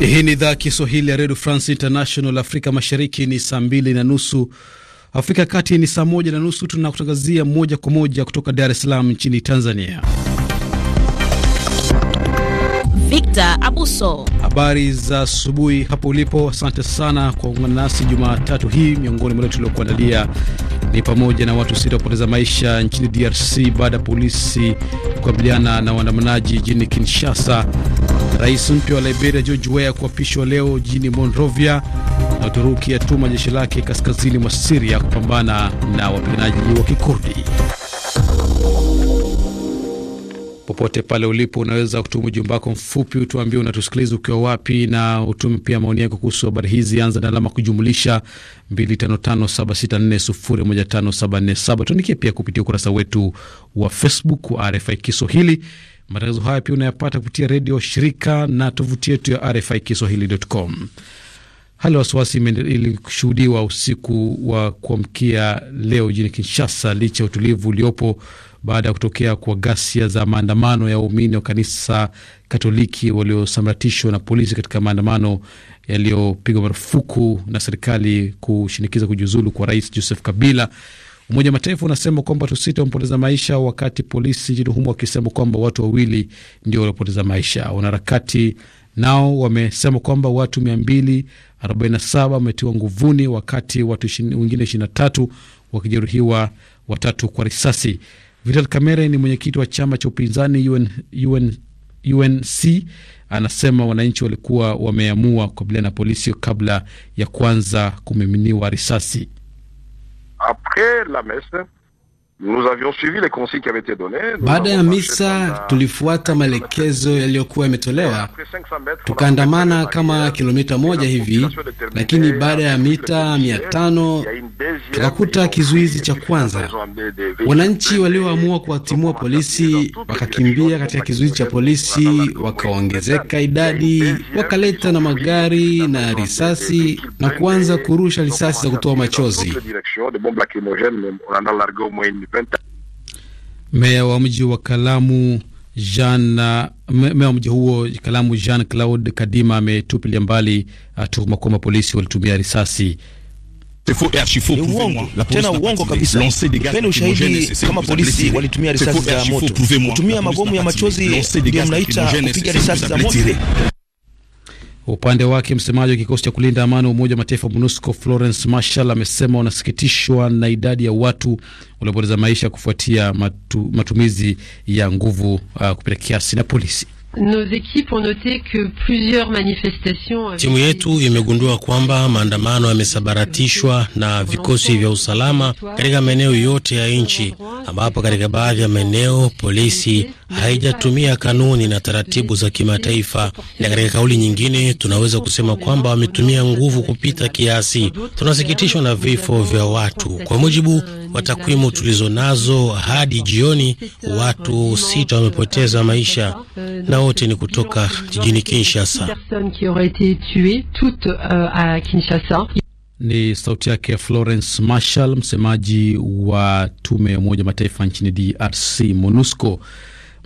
Hii ni idhaa ya Kiswahili ya redio France International. Afrika Mashariki ni saa mbili na nusu, Afrika ya Kati ni saa moja na nusu. Tunakutangazia moja kwa moja kutoka Dar es Salaam nchini Tanzania. Victor Abuso. Habari za asubuhi hapo ulipo, asante sana kwa kuungana nasi Jumatatu hii. Miongoni mwa tuliokuandalia ni pamoja na watu sita kupoteza maisha nchini DRC baada ya polisi kukabiliana na waandamanaji jijini Kinshasa, rais mpya wa Liberia George Weah kuapishwa leo jijini Monrovia, na Uturuki yatuma jeshi lake kaskazini mwa Siria kupambana na wapiganaji wa Kikurdi. Popote pale ulipo, unaweza kutuma ujumbe wako mfupi, utuambie unatusikiliza ukiwa wapi, na utume pia maoni yako kuhusu habari hizi. Anza na alama kujumlisha 255764015747. Tuandikie pia kupitia ukurasa wetu wa Facebook wa RFI Kiswahili. Matangazo haya pia unayapata kupitia redio shirika na tovuti yetu ya RFI Kiswahili.com. Hali ya wasiwasi ilishuhudiwa usiku wa kuamkia leo jijini Kinshasa licha ya utulivu uliopo baada ya kutokea kwa ghasia za maandamano ya waumini wa kanisa Katoliki waliosamratishwa na polisi katika maandamano yaliyopigwa marufuku na serikali kushinikiza kujiuzulu kwa rais Joseph Kabila. Umoja wa Mataifa unasema kwamba watu sita wamepoteza maisha, wakati polisi nchini humo wakisema kwamba watu wawili ndio waliopoteza maisha. Wanaharakati nao wamesema kwamba watu 247 wametiwa nguvuni, wakati watu wengine 23 wakijeruhiwa watatu kwa risasi. Vital Kamerhe ni mwenyekiti wa chama cha upinzani UN, UN, UNC anasema wananchi walikuwa wameamua kukabiliana na polisi kabla ya kuanza kumiminiwa risasi. Baada ya misa tulifuata maelekezo yaliyokuwa yametolewa, tukaandamana kama kilomita moja hivi, lakini baada ya mita mia tano tukakuta kizuizi cha kwanza. Wananchi walioamua kuwatimua polisi wakakimbia katika kizuizi cha polisi, wakaongezeka idadi, wakaleta na magari na risasi na kuanza kurusha risasi za kutoa machozi. 2020. Meya wa mji wa Kalamu Jean, meya wa mji huo Kalamu Jean Claude Kadima ametupilia mbali uh, tuhuma kwamba polisi walitumia risasi uongo tena uongo kabisa. Peni ushahidi kama polisi walitumia risasi za moto, kutumia mabomu ya machozi ndio mnaita kupiga risasi za moto? Upande wake msemaji wa kikosi cha kulinda amani wa Umoja wa Mataifa MONUSCO Florence Marshall amesema wanasikitishwa na idadi ya watu waliopoteza maisha kufuatia matu, matumizi ya nguvu uh, kupita kiasi na polisi. Timu yetu imegundua kwamba maandamano yamesabaratishwa na vikosi vya usalama katika maeneo yote ya nchi, ambapo katika baadhi ya maeneo polisi haijatumia kanuni na taratibu za kimataifa, na katika kauli nyingine tunaweza kusema kwamba wametumia nguvu kupita kiasi. Tunasikitishwa na vifo vya watu. Kwa mujibu wa takwimu tulizo nazo, hadi jioni watu sita wamepoteza maisha na wote ni kutoka jijini Kinshasa. Euh, ni sauti yake Florence Marshall, msemaji wa tume ya Umoja Mataifa nchini DRC, MONUSCO.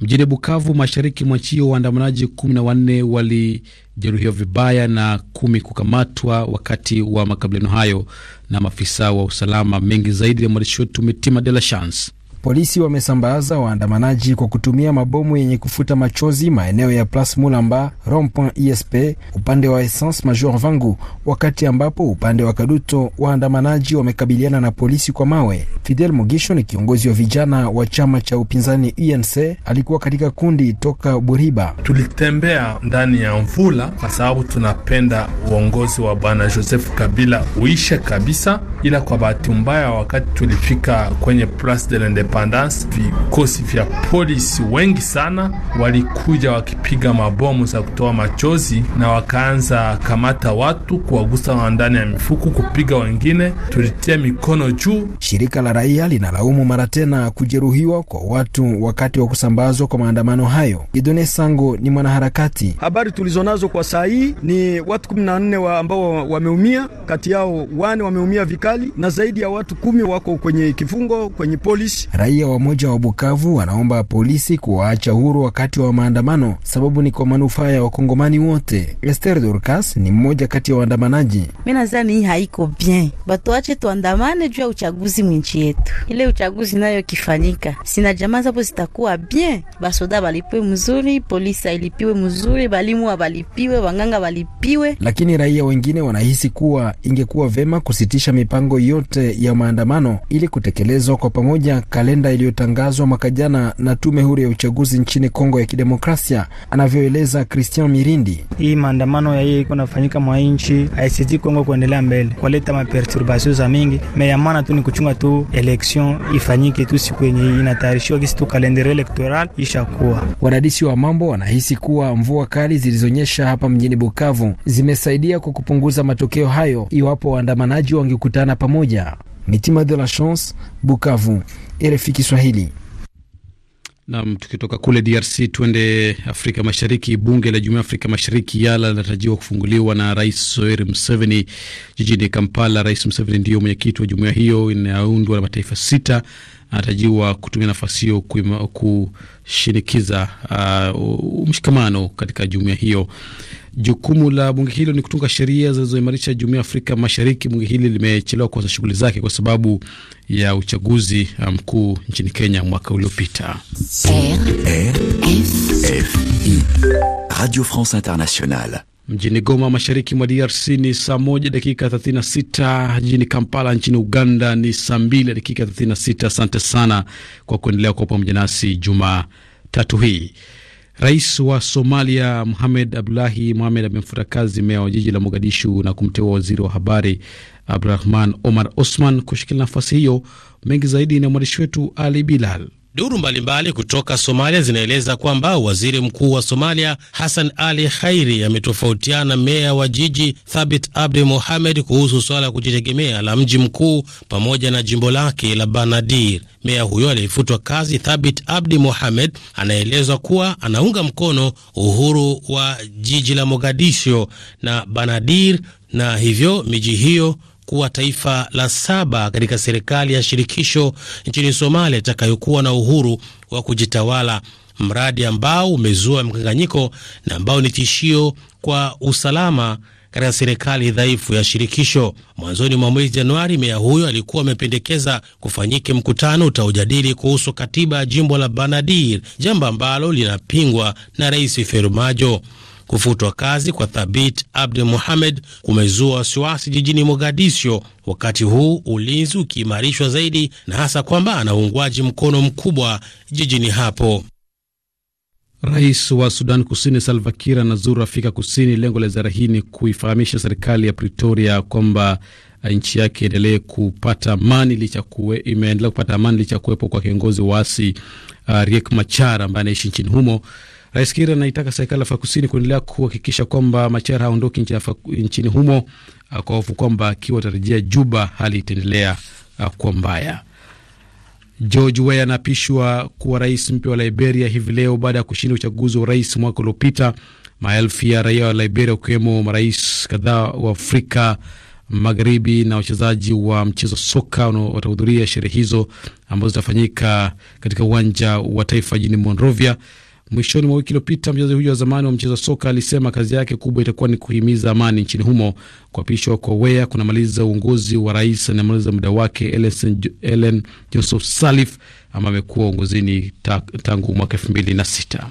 Mjini Bukavu, mashariki mwa nchi hiyo, waandamanaji kumi na wanne walijeruhiwa vibaya na kumi kukamatwa wakati wa makabiliano hayo na maafisa wa usalama. Mengi zaidi ya mwandishi wetu Mitima De La Chance. Polisi wamesambaza waandamanaji kwa kutumia mabomu yenye kufuta machozi maeneo ya Place Mulamba, Rond-Point ISP, upande wa Essence Major Vangu, wakati ambapo upande wa Kaduto waandamanaji wamekabiliana na polisi kwa mawe. Fidel Mogisho ni kiongozi wa vijana wa chama cha upinzani UNC, alikuwa katika kundi toka Buriba. Tulitembea ndani ya mvula kwa sababu tunapenda uongozi wa bwana Joseph Kabila uishe kabisa, ila kwa bahati mbaya wakati tulifika kwenye Place de independence, vikosi vya polisi wengi sana walikuja wakipiga mabomu za kutoa machozi, na wakaanza kamata watu, kuwagusa ndani ya mifuku, kupiga wengine, tulitia mikono juu. Shirika la raia linalaumu mara tena kujeruhiwa kwa watu wakati wa kusambazwa kwa maandamano hayo. idone Sango ni mwanaharakati. Habari tulizonazo kwa saa hii ni watu kumi na nne wa ambao wameumia, kati yao wane wameumia vikali na zaidi ya watu kumi wako kwenye kifungo kwenye polisi. Raia wamoja wa Bukavu wanaomba polisi kuwaacha huru wakati wa maandamano, sababu ni kwa manufaa ya wakongomani wote. Esther Dorcas ni mmoja kati ya waandamanaji. Mi nazani hii haiko bien, batuache tuandamane juu ya uchaguzi mwinchi yetu. Ile uchaguzi nayo kifanyika, sina jamaa zapo zitakuwa bien, basoda balipiwe mzuri, polisi ailipiwe mzuri, balimu wabalipiwe, wanganga balipiwe. Lakini raia wengine wanahisi kuwa ingekuwa vema kusitisha mipango yote ya maandamano ili kutekelezwa kwa pamoja kale kalenda iliyotangazwa mwaka jana na tume huru ya uchaguzi nchini Kongo ya Kidemokrasia, anavyoeleza Christian Mirindi. Hii maandamano ya iko nafanyika mwa nchi aisiti Kongo kuendelea mbele kwaleta maperturbasio za mingi meyamana tu ni kuchunga tu eleksion ifanyike tu siku yenye inatayarishiwa kisi tu kalendere elektoral ishakuwa. Wadadisi wa mambo wanahisi kuwa mvua kali zilizonyesha hapa mjini Bukavu zimesaidia kwa kupunguza matokeo hayo iwapo waandamanaji wangekutana pamoja. Mitima de la Chance, Bukavu. RFI Kiswahili. Nam, tukitoka kule DRC tuende Afrika Mashariki. Bunge la Jumuiya Afrika Mashariki yala linatarajiwa kufunguliwa na Rais Yoweri Museveni jijini Kampala. Rais Museveni ndiyo mwenyekiti wa jumuiya hiyo inayoundwa na mataifa sita. Anatarajiwa kutumia nafasi hiyo kushinikiza uh, mshikamano katika jumuiya hiyo. Jukumu la bunge hilo ni kutunga sheria zilizoimarisha jumuiya ya Afrika Mashariki. Bunge hili limechelewa kuanza shughuli zake kwa sababu ya uchaguzi uh, mkuu nchini Kenya mwaka uliopita. Radio France Internationale mjini Goma, mashariki mwa DRC ni saa moja dakika 36. Jijini Kampala nchini Uganda ni saa mbili dakika 36. Asante sana kwa kuendelea kwa pamoja nasi Jumatatu hii. Rais wa Somalia muhamed Abdullahi muhamed amemfuta kazi meya wa jiji la Mogadishu na kumteua waziri wa habari Abdurahman Omar Osman kushikilia nafasi hiyo. Mengi zaidi na mwandishi wetu Ali Bilal. Duru mbalimbali kutoka Somalia zinaeleza kwamba waziri mkuu wa Somalia Hassan Ali Khairi ametofautiana meya wa jiji Thabit Abdi Mohamed kuhusu suala ya kujitegemea la mji mkuu pamoja na jimbo lake la Banadir. Meya huyo aliyefutwa kazi Thabit Abdi Mohamed anaelezwa kuwa anaunga mkono uhuru wa jiji la Mogadisho na Banadir na hivyo miji hiyo kuwa taifa la saba katika serikali ya shirikisho nchini Somalia itakayokuwa na uhuru wa kujitawala, mradi ambao umezua mkanganyiko na ambao ni tishio kwa usalama katika serikali dhaifu ya shirikisho. Mwanzoni mwa mwezi Januari, meya huyo alikuwa amependekeza kufanyike mkutano utaojadili kuhusu katiba ya jimbo la Banadir, jambo ambalo linapingwa na Rais Ferumajo. Kufutwa kazi kwa Thabit abdu muhamed kumezua wasiwasi jijini Mogadisho, wakati huu ulinzi ukiimarishwa zaidi na hasa kwamba ana uungwaji mkono mkubwa jijini hapo. Rais wa Sudan Kusini Salva Kiir anazuru Afrika Kusini. Lengo la ziara hii ni kuifahamisha serikali ya Pretoria kwamba uh, nchi yake iendelee kupata amani licha kuwe, imeendelea kupata amani licha kuwepo kwa kiongozi waasi uh, Riek Machar ambaye anaishi nchini humo. Rais Kiir anaitaka serikali Afrika Kusini kuendelea kuhakikisha kwamba Machar haondoki nchini humo ah, kwa hofu kwamba akiwa atarejea Juba hali itaendelea ah, kuwa mbaya. George Weah anaapishwa kuwa rais mpya wa Liberia hivi leo baada ya kushinda uchaguzi wa urais mwaka uliopita. Maelfu ya raia wa Liberia, wakiwemo marais kadhaa wa Afrika Magharibi na wachezaji wa mchezo soka watahudhuria sherehe hizo ambazo zitafanyika katika uwanja wa taifa jijini Monrovia. Mwishoni mwa wiki iliyopita, mchezaji huyo wa zamani wa mchezo wa soka alisema kazi yake kubwa itakuwa ni kuhimiza amani nchini humo. Kuapishwa kwa Weah kunamaliza uongozi wa rais anamaliza muda wake Ellen Joseph Sirleaf ambaye amekuwa uongozini tangu mwaka elfu mbili na sita.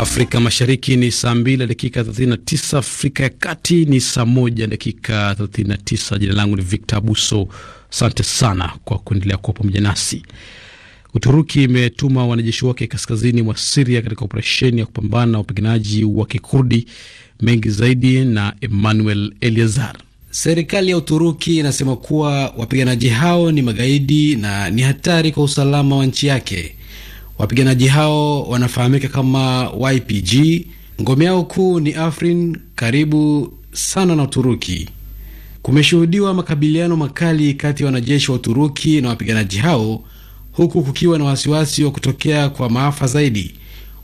Afrika Mashariki ni saa 2 dakika 39, Afrika ya Kati ni saa 1 dakika 39. Jina langu ni Victor Abuso. Asante sana kwa kuendelea kuwa pamoja nasi. Uturuki imetuma wanajeshi wake kaskazini mwa Siria katika operesheni ya kupambana na wapiganaji wa Kikurdi. Mengi zaidi na Emmanuel Eliazar. Serikali ya Uturuki inasema kuwa wapiganaji hao ni magaidi na ni hatari kwa usalama wa nchi yake. Wapiganaji hao wanafahamika kama YPG. Ngome yao kuu ni Afrin, karibu sana na Uturuki. Kumeshuhudiwa makabiliano makali kati ya wanajeshi wa Uturuki na wapiganaji hao, huku kukiwa na wasiwasi wa kutokea kwa maafa zaidi.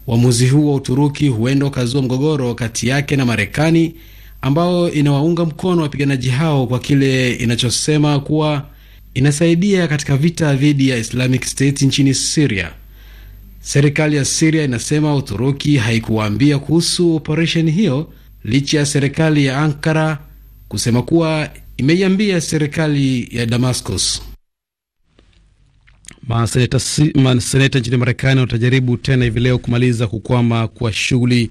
Uamuzi huu wa Uturuki huenda ukazua mgogoro kati yake na Marekani, ambao inawaunga mkono wapiganaji hao kwa kile inachosema kuwa inasaidia katika vita dhidi ya Islamic State nchini Siria. Serikali ya Siria inasema Uturuki haikuwaambia kuhusu operesheni hiyo licha ya serikali ya Ankara kusema kuwa imeiambia serikali ya Damascus. Maseneta, maseneta nchini Marekani watajaribu tena hivi leo kumaliza kukwama kwa shughuli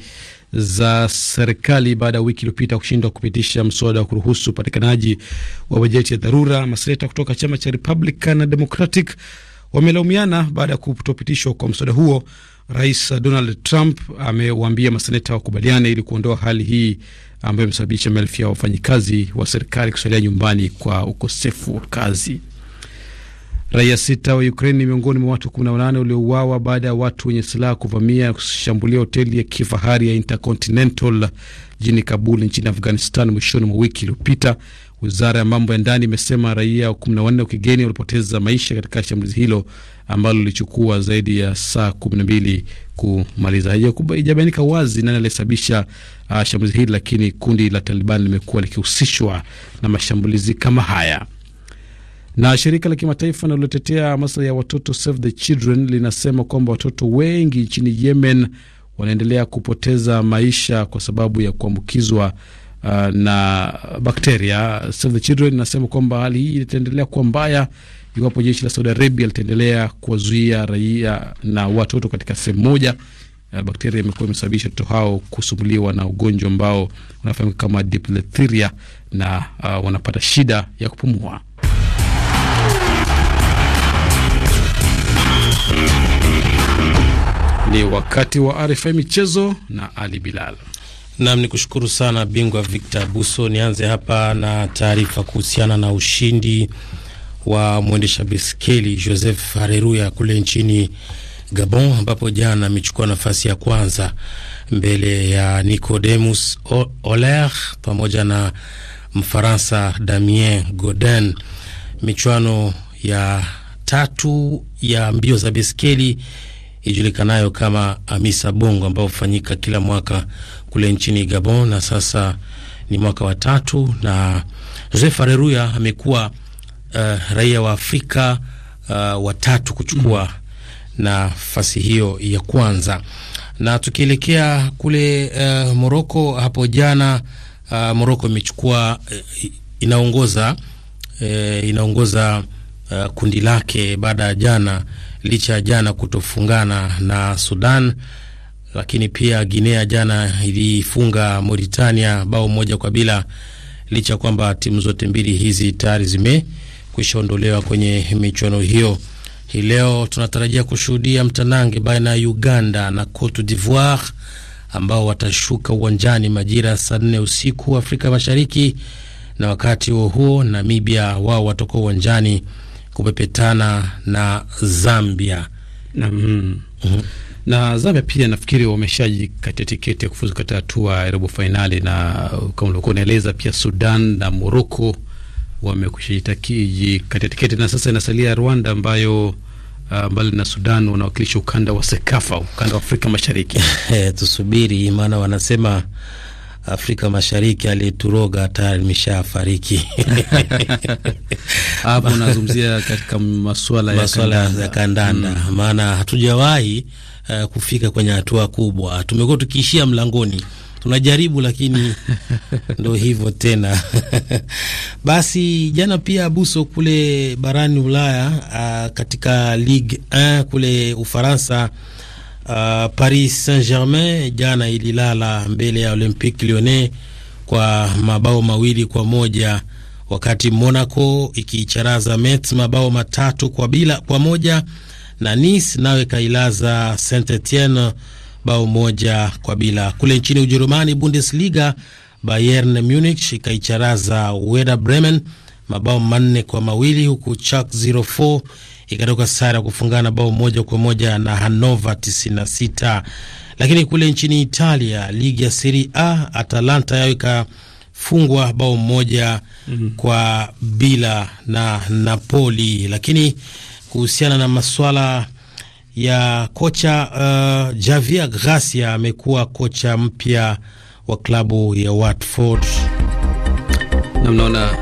za serikali baada ya wiki iliyopita kushindwa kupitisha mswada wa kuruhusu upatikanaji wa bajeti ya dharura. Maseneta kutoka chama cha Republican na Democratic wamelaumiana baada ya kutopitishwa kwa mswada huo. Rais Donald Trump amewaambia maseneta wakubaliane ili kuondoa hali hii ambayo imesababisha maelfu ya wafanyikazi wa serikali kusalia nyumbani kwa ukosefu wa kazi. Raia sita wa Ukraine ni miongoni mwa watu 18 waliouawa baada ya watu wenye silaha kuvamia kushambulia hoteli ya kifahari ya Intercontinental jijini Kabul nchini Afghanistan mwishoni mwa wiki iliyopita. Wizara ya mambo ya ndani imesema raia kumi na wanne wa kigeni walipoteza maisha katika shambulizi hilo ambalo lilichukua zaidi ya saa kumi na mbili kumaliza. Haijabainika wazi nani aliyesababisha uh, shambulizi hili, lakini kundi la Taliban limekuwa likihusishwa na mashambulizi kama haya na shirika la kimataifa linalotetea maslahi ya watoto Save the Children linasema kwamba watoto wengi nchini Yemen wanaendelea kupoteza maisha kwa sababu ya kuambukizwa uh, na bakteria. Save the Children inasema kwamba hali hii itaendelea kuwa mbaya iwapo jeshi la Saudi Arabia litaendelea kuwazuia raia na watoto katika sehemu moja. Uh, bakteria imekuwa imesababisha watoto hao kusumbuliwa na ugonjwa ambao unafahamika kama diphtheria na uh, wanapata shida ya kupumua. Ni wakati wa RFI michezo na Ali Bilal. Nam ni kushukuru sana bingwa Victor Buso. Nianze hapa na taarifa kuhusiana na ushindi wa mwendesha biskeli Joseph Areruya kule nchini Gabon, ambapo jana amechukua nafasi ya kwanza mbele ya Nicodemus Oler pamoja na Mfaransa Damien Godin. Michuano ya tatu ya mbio za biskeli ijulikanayo kama Amisa Bongo ambayo hufanyika kila mwaka kule nchini Gabon na sasa ni mwaka wa tatu, na Joseph Areruya amekuwa uh, raia wa Afrika uh, eh, watatu kuchukua mm -hmm. nafasi hiyo ya kwanza. Na tukielekea kule uh, eh, Moroko hapo jana uh, Moroko imechukua uh, inaongoza uh, inaongoza uh, kundi lake baada ya jana licha ya jana kutofungana na Sudan. Lakini pia Guinea jana ilifunga Mauritania bao moja kwa bila, licha ya kwamba timu zote mbili hizi tayari zimekwisha ondolewa kwenye michuano hiyo. Hii leo tunatarajia kushuhudia mtanange baina ya Uganda na Cote d'Ivoire ambao watashuka uwanjani majira ya saa nne usiku Afrika Mashariki, na wakati huo huo Namibia wao watakuwa uwanjani kupepetana na Zambia na, mm, mm-hmm. mm. Mm-hmm. na Zambia pia nafikiri wameshajikatia tiketi ya kufuzu katika hatua ya robo fainali, na uh, kama ulikuwa unaeleza pia Sudan na Moroko wamekushajikatia tiketi, na sasa inasalia Rwanda ambayo Uh, mbali na Sudan wanawakilisha ukanda wa Sekafa, ukanda wa Afrika Mashariki. Tusubiri maana wanasema Afrika Mashariki aliyeturoga hata ameshafariki hapo. Unazungumzia katika masuala ya masuala ya kandanda, mm. maana hatujawahi uh, kufika kwenye hatua kubwa, tumekuwa tukiishia mlangoni tunajaribu lakini ndo hivyo tena. Basi jana pia Abuso kule barani Ulaya, uh, katika Ligue 1 kule Ufaransa Uh, Paris Saint-Germain jana ililala mbele ya Olympique Lyonnais kwa mabao mawili kwa moja wakati Monaco ikiicharaza Metz mabao matatu kwa bila kwa moja na Nice nayo kailaza Saint Etienne bao moja kwa bila. Kule nchini Ujerumani, Bundesliga, Bayern Munich ikaicharaza Werder Bremen mabao manne kwa mawili huku Schalke 04 ikatoka sare kufungana bao moja kwa moja na Hanova 96. Lakini kule nchini Italia, ligi ya Serie A, Atalanta yao ikafungwa bao moja mm -hmm. kwa bila na Napoli. Lakini kuhusiana na maswala ya kocha uh, Javier Gracia amekuwa kocha mpya wa klabu ya Watford namnaona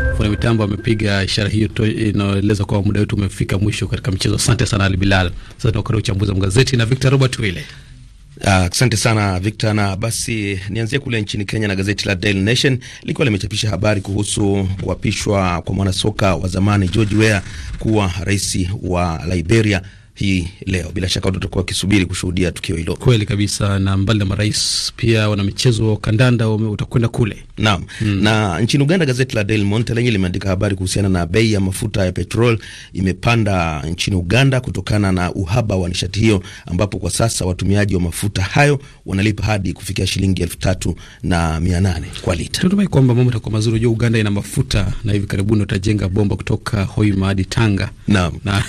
Fundi mitambo amepiga ishara hiyo inaeleza kwamba muda wetu umefika mwisho katika mchezo. Asante sana Ali Bilal. Sasa tunakwenda uchambuzi wa magazeti na Victor Robert Wile. Ah, asante uh, sana Victor, na basi nianzie kule nchini Kenya na gazeti la Daily Nation likiwa limechapisha habari kuhusu kuapishwa kwa mwanasoka wa zamani George Weah kuwa rais wa Liberia hii leo. Bila shaka watu watakuwa wakisubiri kushuhudia tukio hilo. Kweli kabisa, na mbali na marais, pia wanamichezo wa kandanda utakwenda kule. Naam. Mm. Na nchini Uganda gazeti la Daily Monitor lenye limeandika habari kuhusiana na bei ya mafuta ya petrol imepanda nchini Uganda kutokana na uhaba wa nishati hiyo, ambapo kwa sasa watumiaji wa mafuta hayo wanalipa hadi kufikia shilingi elfu tatu na mia nane kwa lita. Tunatumai kwamba mambo yatakuwa mazuri. Unajua Uganda ina mafuta na hivi karibuni watajenga bomba kutoka Hoima hadi Tanga. Naam. Na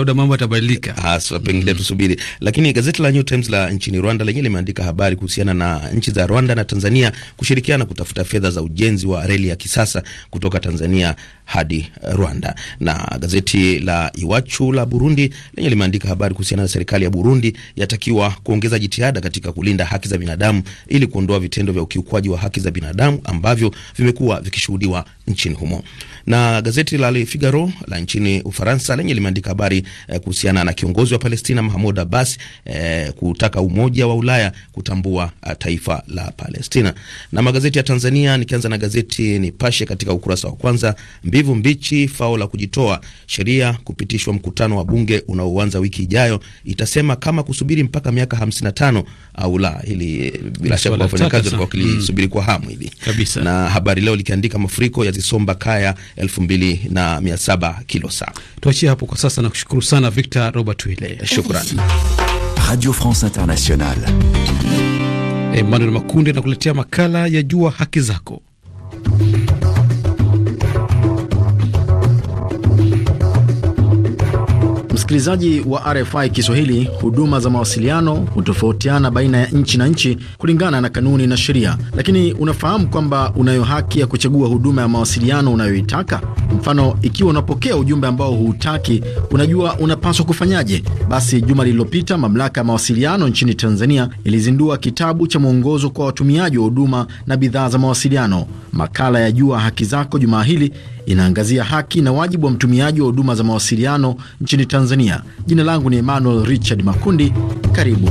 labda mambo yatabadilika haswa, pengine mm. tusubiri. Lakini gazeti la New Times la nchini Rwanda lenyewe limeandika habari kuhusiana na nchi za Rwanda na Tanzania kushirikiana kutafuta fedha za ujenzi wa reli ya kisasa kutoka Tanzania hadi Rwanda. Na gazeti la Iwachu la Burundi lenye limeandika habari kuhusiana na serikali ya Burundi yatakiwa kuongeza jitihada katika kulinda haki za binadamu ili kuondoa vitendo vya ukiukwaji wa haki za binadamu ambavyo vimekuwa vikishuhudiwa nchini humo. Na gazeti la Le Figaro la nchini Ufaransa lenye limeandika habari eh, kuhusiana na kiongozi wa Palestina Mahmoud Abbas eh, kutaka Umoja wa Ulaya kutambua eh, taifa la Palestina. Na magazeti ya Tanzania nikianza na gazeti Nipashe katika ukurasa wa kwanza mbi mbivu mbichi, fao la kujitoa. Sheria kupitishwa mkutano wa bunge unaoanza wiki ijayo itasema kama kusubiri mpaka miaka 55 au la. Hili eh, bila shaka wafanyakazi walikuwa wakilisubiri mm. kwa hamu hivi kabisa, na Habari Leo likiandika mafuriko yazisomba kaya 2700 kilo saa. Tuachie hapo kwa sasa na kushukuru sana Victor Robert Wile, shukrani. Radio France Internationale. Emmanuel Makunde nakuletea makala ya Jua Haki Zako. Msikilizaji wa RFI Kiswahili, huduma za mawasiliano hutofautiana baina ya nchi na nchi kulingana na kanuni na sheria, lakini unafahamu kwamba unayo haki ya kuchagua huduma ya mawasiliano unayoitaka. Mfano, ikiwa unapokea ujumbe ambao huutaki, unajua unapaswa kufanyaje. Basi juma lililopita, mamlaka ya mawasiliano nchini Tanzania ilizindua kitabu cha mwongozo kwa watumiaji wa huduma na bidhaa za mawasiliano. Makala ya Jua Haki Zako jumaa hili inaangazia haki na wajibu wa mtumiaji wa huduma za mawasiliano nchini Tanzania Tanzania. Jina langu ni Emmanuel Richard Makundi. Karibu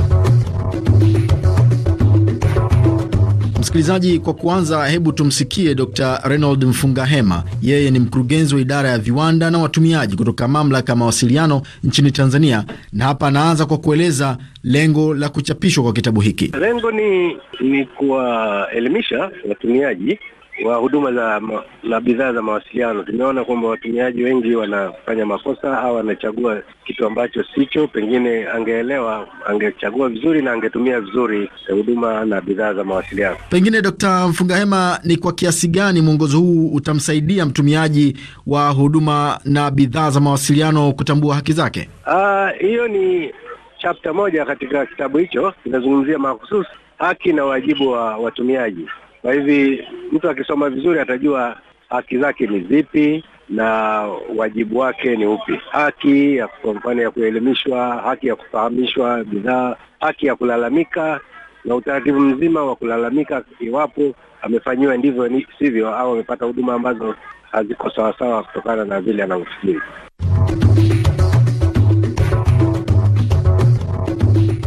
msikilizaji. Kwa kuanza, hebu tumsikie Dr Reynold Mfungahema. Yeye ni mkurugenzi wa idara ya viwanda na watumiaji kutoka mamlaka ya mawasiliano nchini Tanzania, na hapa anaanza kwa kueleza lengo la kuchapishwa kwa kitabu hiki. Lengo ni, ni kuwaelimisha watumiaji wa huduma za na bidhaa za mawasiliano, tumeona kwamba watumiaji wengi wanafanya makosa au wanachagua kitu ambacho sicho. Pengine angeelewa, angechagua vizuri na angetumia vizuri huduma na bidhaa za mawasiliano. Pengine mfunga Mfungahema, ni kwa kiasi gani mwongozo huu utamsaidia mtumiaji wa huduma na bidhaa za mawasiliano kutambua haki zake? Ah, hiyo ni chapta moja katika kitabu hicho inazungumzia mahususi haki na wajibu wa watumiaji kwa hivi mtu akisoma vizuri atajua haki zake ni zipi na wajibu wake ni upi. Haki ya kwa mfano ya kuelimishwa, haki ya kufahamishwa bidhaa, haki ya kulalamika na utaratibu mzima wa kulalamika iwapo amefanyiwa ndivyo ni sivyo, au amepata huduma ambazo haziko sawasawa kutokana na vile anavyofikiri.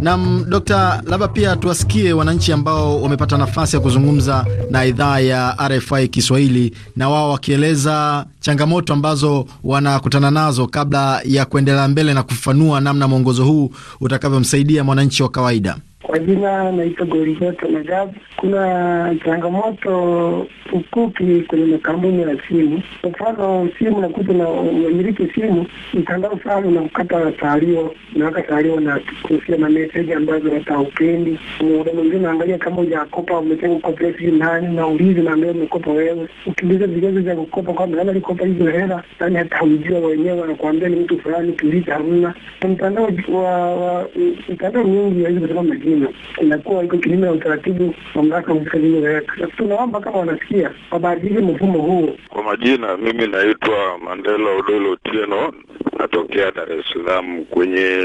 Nam Dokta, labda pia tuwasikie wananchi ambao wamepata nafasi ya kuzungumza na idhaa ya RFI Kiswahili, na wao wakieleza changamoto ambazo wanakutana nazo, kabla ya kuendelea mbele na kufafanua namna mwongozo huu utakavyomsaidia mwananchi wa kawaida. Kwa jina naitwa Goligota Magabu. Kuna changamoto ukupi kwenye makampuni ya simu. Kwa mfano, simu nakuta na umiliki simu mtandao sana unakata taalio, unaweka taalio na kusia na message ambazo upendi. Muda mwingine naangalia kama ujakopa, umetenga kukopa simu nani, naulizi na mbele umekopa wewe, ukiliza vigezo vya kukopa kwamba nani alikopa hizo hela, yani hata ujia wenyewe, wanakuambia ni mtu fulani, kiliza hamna mtandao wa mtandao mingi haizi kusema nzima inakuwa iko kinyume na utaratibu mamlaka husika. Tunaomba kama wanasikia wabadili mfumo huo. Kwa majina, mimi naitwa Mandela Odolo Tieno, natokea Dar es Salaam. Kwenye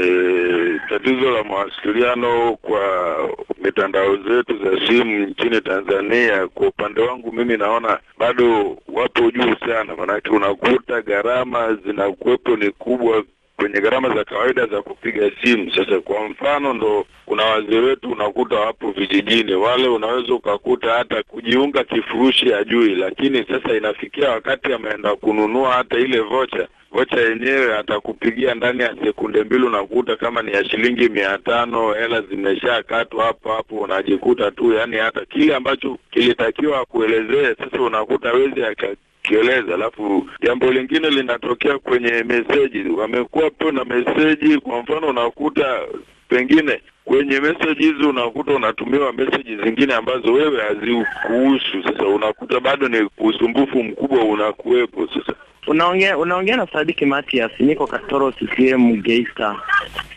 tatizo la mawasiliano kwa mitandao zetu za simu nchini Tanzania, kwa upande wangu mimi naona bado wapo juu sana, maanake unakuta gharama zinakuwepo ni kubwa kwenye gharama za kawaida za kupiga simu. Sasa kwa mfano, ndo kuna wazee wetu unakuta wapo vijijini, wale unaweza ukakuta hata kujiunga kifurushi ajui, lakini sasa inafikia wakati ameenda kununua hata ile vocha vocha yenyewe atakupigia ndani ya sekunde mbili, unakuta kama ni ya shilingi mia tano, hela zimeshakatwa hapo hapo, unajikuta tu yani hata kile ambacho kilitakiwa akuelezee sasa unakuta wezi kieleza. Alafu jambo lingine linatokea kwenye meseji, wamekuwa pia na meseji, kwa mfano unakuta pengine kwenye hizi unakuta unatumiwa message zingine ambazo wewe hazikuhusu. Sasa unakuta bado ni usumbufu mkubwa unakuwepo. Sasa unaongea unaongea na Sadiki Matias, niko Katoro CCM Geita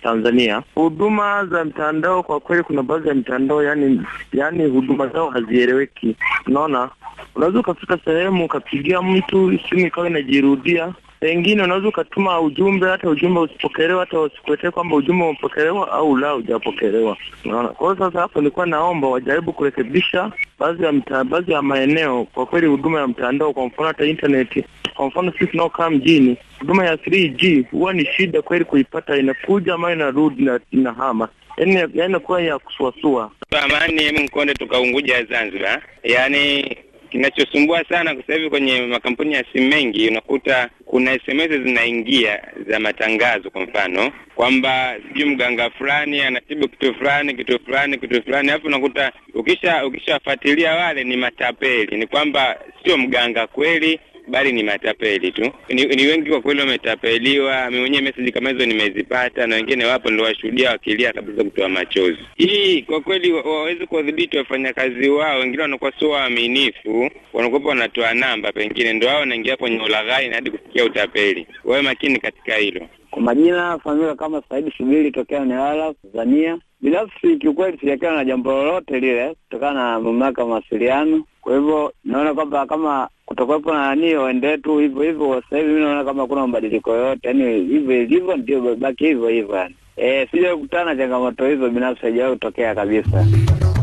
Tanzania. Huduma za mtandao kwa kweli, kuna baadhi ya mtandao yani, yani huduma zao hazieleweki. Unaona, unaweza ukafika sehemu ukapigia mtu simu ikawa inajirudia Pengine unaweza ukatuma ujumbe, hata ujumbe usipokelewa, hata wasikuetee kwamba ujumbe umepokelewa au la hujapokelewa. Unaona, kwa hiyo sasa hapo nilikuwa naomba wajaribu kurekebisha baadhi ya mta, baadhi ya maeneo. Kwa kweli huduma ya mtandao, kwa mfano hata intaneti kwa mfano sisi tunaokaa mjini, huduma ya 3G huwa ni shida kweli kuipata, inakuja ama inarudi na inahama yaani yanakuwa ya kusuasua. Amani Mkonde tukaunguja Unguja Zanzibar, yaani kinachosumbua sana kwa sasa hivi kwenye makampuni ya simu mengi unakuta kuna SMS zinaingia za matangazo, kwa mfano kwamba sijui mganga fulani anatibu kitu fulani kitu fulani kitu fulani, alafu unakuta ukisha ukishafuatilia wale ni matapeli, ni kwamba sio mganga kweli, bali ni matapeli tu. Ni, ni wengi kwa kweli wametapeliwa. Mimi mwenyewe message kama hizo nimezipata, na wengine wapo ndio washuhudia wakilia kabisa kutoa machozi. Hii kwa kweli waweze kuwadhibiti wafanyakazi wao, wengine wanakuwa sio waaminifu, wanakuwa wanatoa namba, pengine ndio hao wanaingia kwenye ulaghai na hadi kufikia utapeli. Wawe makini katika hilo. Kwa majina familia kama Saidi Shubiri tokea Newala, Tanzania. Binafsi kiukweli sijakiwa na jambo lolote lile kutokana na mamlaka mawasiliano. Kwa hivyo naona kwamba kama kutokuwepo na nani waendelee tu hivyo hivyo. Sasa hivi mi naona kama kuna mabadiliko yoyote, yani hivyo ilivyo ndio baki hivyo hivyo, yani E, eh, sijawahi kukutana na changamoto hizo binafsi, haijawahi kutokea kabisa.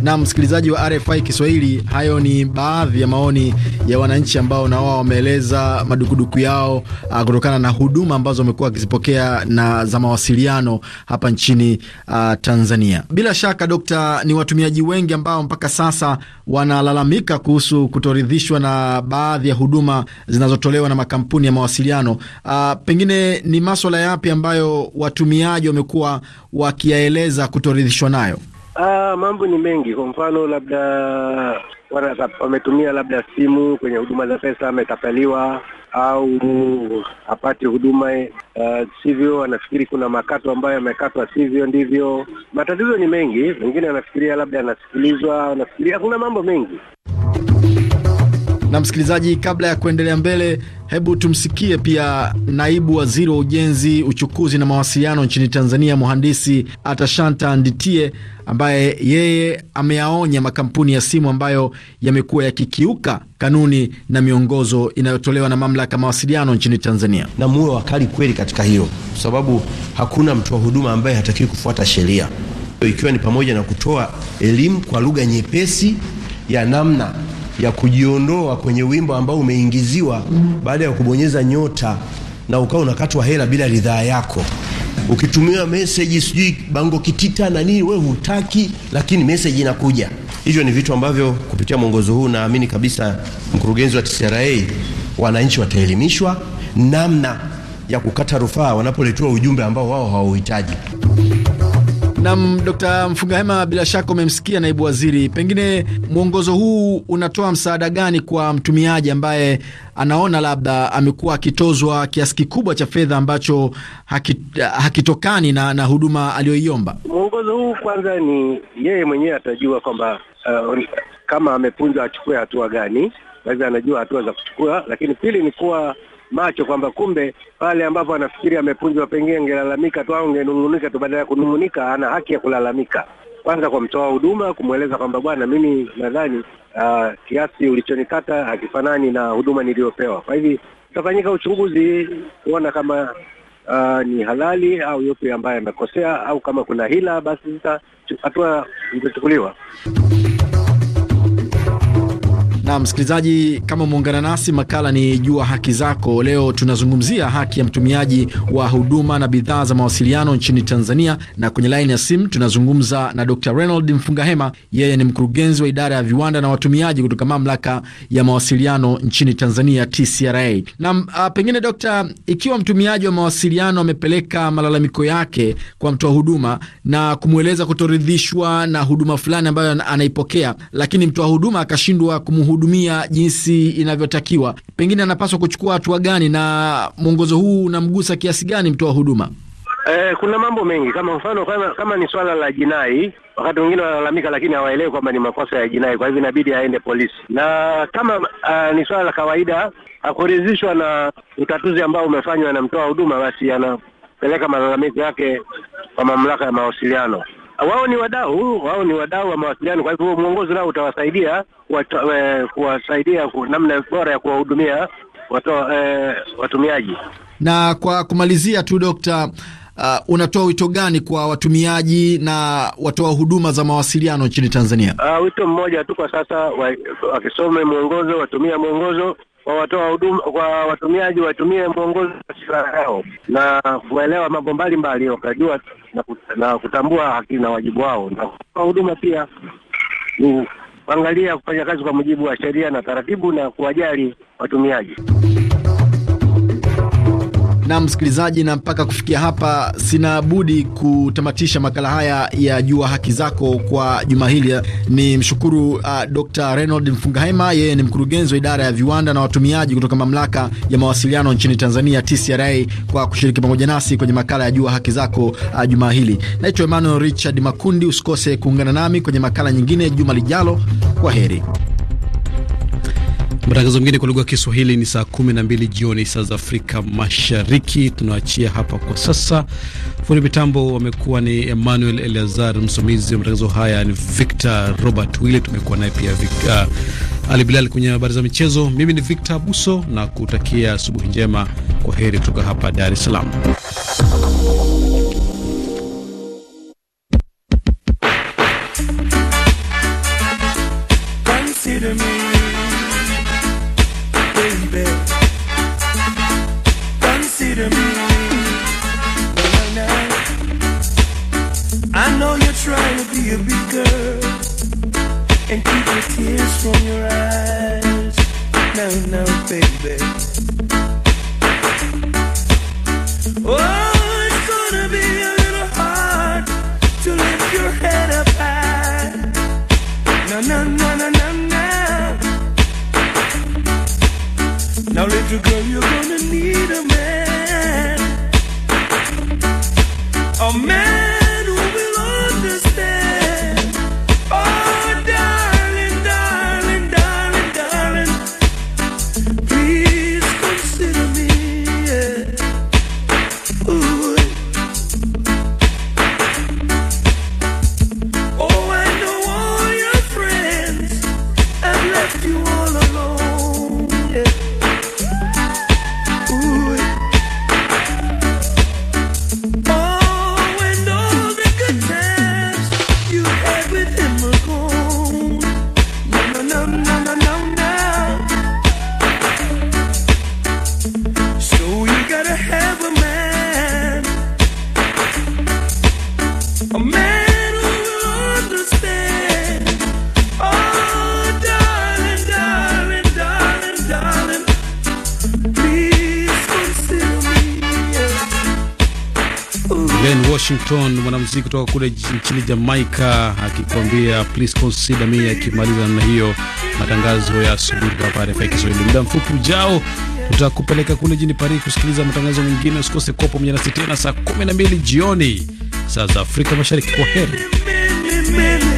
Na msikilizaji wa RFI Kiswahili, hayo ni baadhi ya maoni ya wananchi ambao na wao wameeleza madukuduku yao uh, kutokana na huduma ambazo wamekuwa wakizipokea na za mawasiliano hapa nchini uh, Tanzania. Bila shaka Dokta, ni watumiaji wengi ambao mpaka sasa wanalalamika kuhusu kutoridhishwa na baadhi ya huduma zinazotolewa na makampuni ya mawasiliano. Uh, pengine ni maswala yapi ambayo watumiaji wamekuwa wakiyaeleza kutoridhishwa nayo? Ah, mambo ni mengi. Kwa mfano labda wametumia labda simu kwenye huduma za pesa, ametapaliwa au apati huduma uh, sivyo, anafikiri kuna makato ambayo yamekatwa sivyo ndivyo. Matatizo ni mengi, mengine anafikiria labda anasikilizwa, anafikiria kuna mambo mengi na msikilizaji, kabla ya kuendelea mbele, Hebu tumsikie pia naibu waziri wa ujenzi, uchukuzi na mawasiliano nchini Tanzania, mhandisi Atashanta Nditie, ambaye yeye ameyaonya makampuni ya simu ambayo yamekuwa yakikiuka kanuni na miongozo inayotolewa na mamlaka mawasiliano nchini Tanzania. Na muwe wakali kweli katika hilo, kwa sababu hakuna wa huduma ambaye hatakiwi kufuata sheria, ikiwa ni pamoja na kutoa elimu kwa lugha nyepesi ya namna ya kujiondoa kwenye wimbo ambao umeingiziwa baada ya kubonyeza nyota na ukawa unakatwa hela bila ridhaa yako, ukitumia message sijui bango kitita na nini, wewe hutaki, lakini message inakuja. Hivyo ni vitu ambavyo kupitia mwongozo huu naamini kabisa, mkurugenzi wa TCRA, wananchi wataelimishwa namna ya kukata rufaa wanapoletewa ujumbe ambao wao hawauhitaji. Nam mfunga Mfungahema, bila shaka umemsikia naibu waziri, pengine mwongozo huu unatoa msaada gani kwa mtumiaji ambaye anaona labda amekuwa akitozwa kiasi kikubwa cha fedha ambacho hakit, hakitokani na, na huduma aliyoiomba? Mwongozo huu kwanza ni yeye mwenyewe atajua kwamba uh, kama amepunjwa achukue hatua gani, basi anajua hatua za kuchukua, lakini pili ni kuwa macho kwamba kumbe pale ambapo anafikiri amepunjwa, pengine angelalamika tu au ngenung'unika tu, badala ya kunung'unika, ana haki ya kulalamika kwanza kwa mtoa huduma kumweleza kwamba bwana, mimi nadhani uh, kiasi ulichonikata hakifanani na huduma niliyopewa. Kwa hivi utafanyika uchunguzi kuona kama uh, ni halali au yupi ambaye amekosea au kama kuna hila, basi hatua zitachukuliwa. Na msikilizaji, kama umeungana nasi, makala ni Jua Haki Zako. Leo tunazungumzia haki ya mtumiaji wa huduma na bidhaa za mawasiliano nchini Tanzania, na kwenye laini ya simu tunazungumza na Dr. Reynold Mfungahema. Yeye ni mkurugenzi wa idara ya viwanda na watumiaji kutoka mamlaka ya mawasiliano nchini Tanzania, TCRA. Na a, ah, pengine Dr. ikiwa mtumiaji wa mawasiliano amepeleka malalamiko yake kwa mtoa huduma na kumweleza kutoridhishwa na huduma fulani ambayo anaipokea, lakini mtoa huduma akashindwa kumhudumia kuhudumia jinsi inavyotakiwa, pengine anapaswa kuchukua hatua gani, na mwongozo huu unamgusa kiasi gani mtoa huduma? Eh, kuna mambo mengi kama mfano kama, kama ni swala la jinai wakati mwingine wanalalamika, lakini hawaelewi kwamba ni makosa ya jinai, kwa hivyo inabidi aende polisi. Na kama uh, ni swala la kawaida hakuridhishwa na utatuzi ambao umefanywa na mtoa huduma, basi anapeleka malalamiko yake kwa mamlaka ya mawasiliano. Wao ni wadau, wao ni wadau wa mawasiliano, kwa hivyo mwongozo nao utawasaidia eh, kuwasaidia namna bora ya kuwahudumia eh, watumiaji. Na kwa kumalizia tu Dokta, uh, unatoa wito gani kwa watumiaji na watoa huduma za mawasiliano nchini Tanzania? Uh, wito mmoja tu kwa sasa, wakisome mwongozo, watumia mwongozo kwa watoa huduma, kwa watumiaji watumie mwongozo wa silaha yao na kuelewa mambo mbalimbali, wakajua na kutambua haki na wajibu wao, na kutoa huduma pia ni kuangalia kufanya kazi kwa mujibu wa sheria na taratibu na kuwajali watumiaji na msikilizaji, na mpaka kufikia hapa, sina budi kutamatisha makala haya ya Jua Haki Zako kwa juma hili. Ni mshukuru uh, Dr Reynold Mfungahema, yeye ni mkurugenzi wa idara ya viwanda na watumiaji kutoka mamlaka ya mawasiliano nchini Tanzania, TCRA, kwa kushiriki pamoja nasi kwenye makala ya Jua Haki Zako uh, juma hili. Naitwa Emmanuel Richard Makundi. Usikose kuungana nami kwenye makala nyingine juma lijalo. Kwa heri. Matangazo mengine kwa lugha ya Kiswahili ni saa 12 jioni saa za Afrika Mashariki. Tunaachia hapa kwa sasa. Fundi mitambo wamekuwa ni Emmanuel Eleazar, msimamizi wa matangazo haya ni Victor Robert Wille, tumekuwa naye pia uh, Ali Bilal kwenye habari za michezo. Mimi ni Victor Abuso na kutakia asubuhi njema. Kwa heri kutoka hapa Dar es Salaam. Now, little girl, you're gonna need a man. A man. Washington, mwanamuziki kutoka kule nchini Jamaika akikwambia please consider me. Akimaliza namna hiyo matangazo ya asubuhi hapa RFI Kiswahili. Muda mfupi ujao tutakupeleka kule jini Paris kusikiliza matangazo mengine. Usikose kuwa pamoja nasi tena saa 12 jioni saa za Afrika Mashariki. Kwa heri.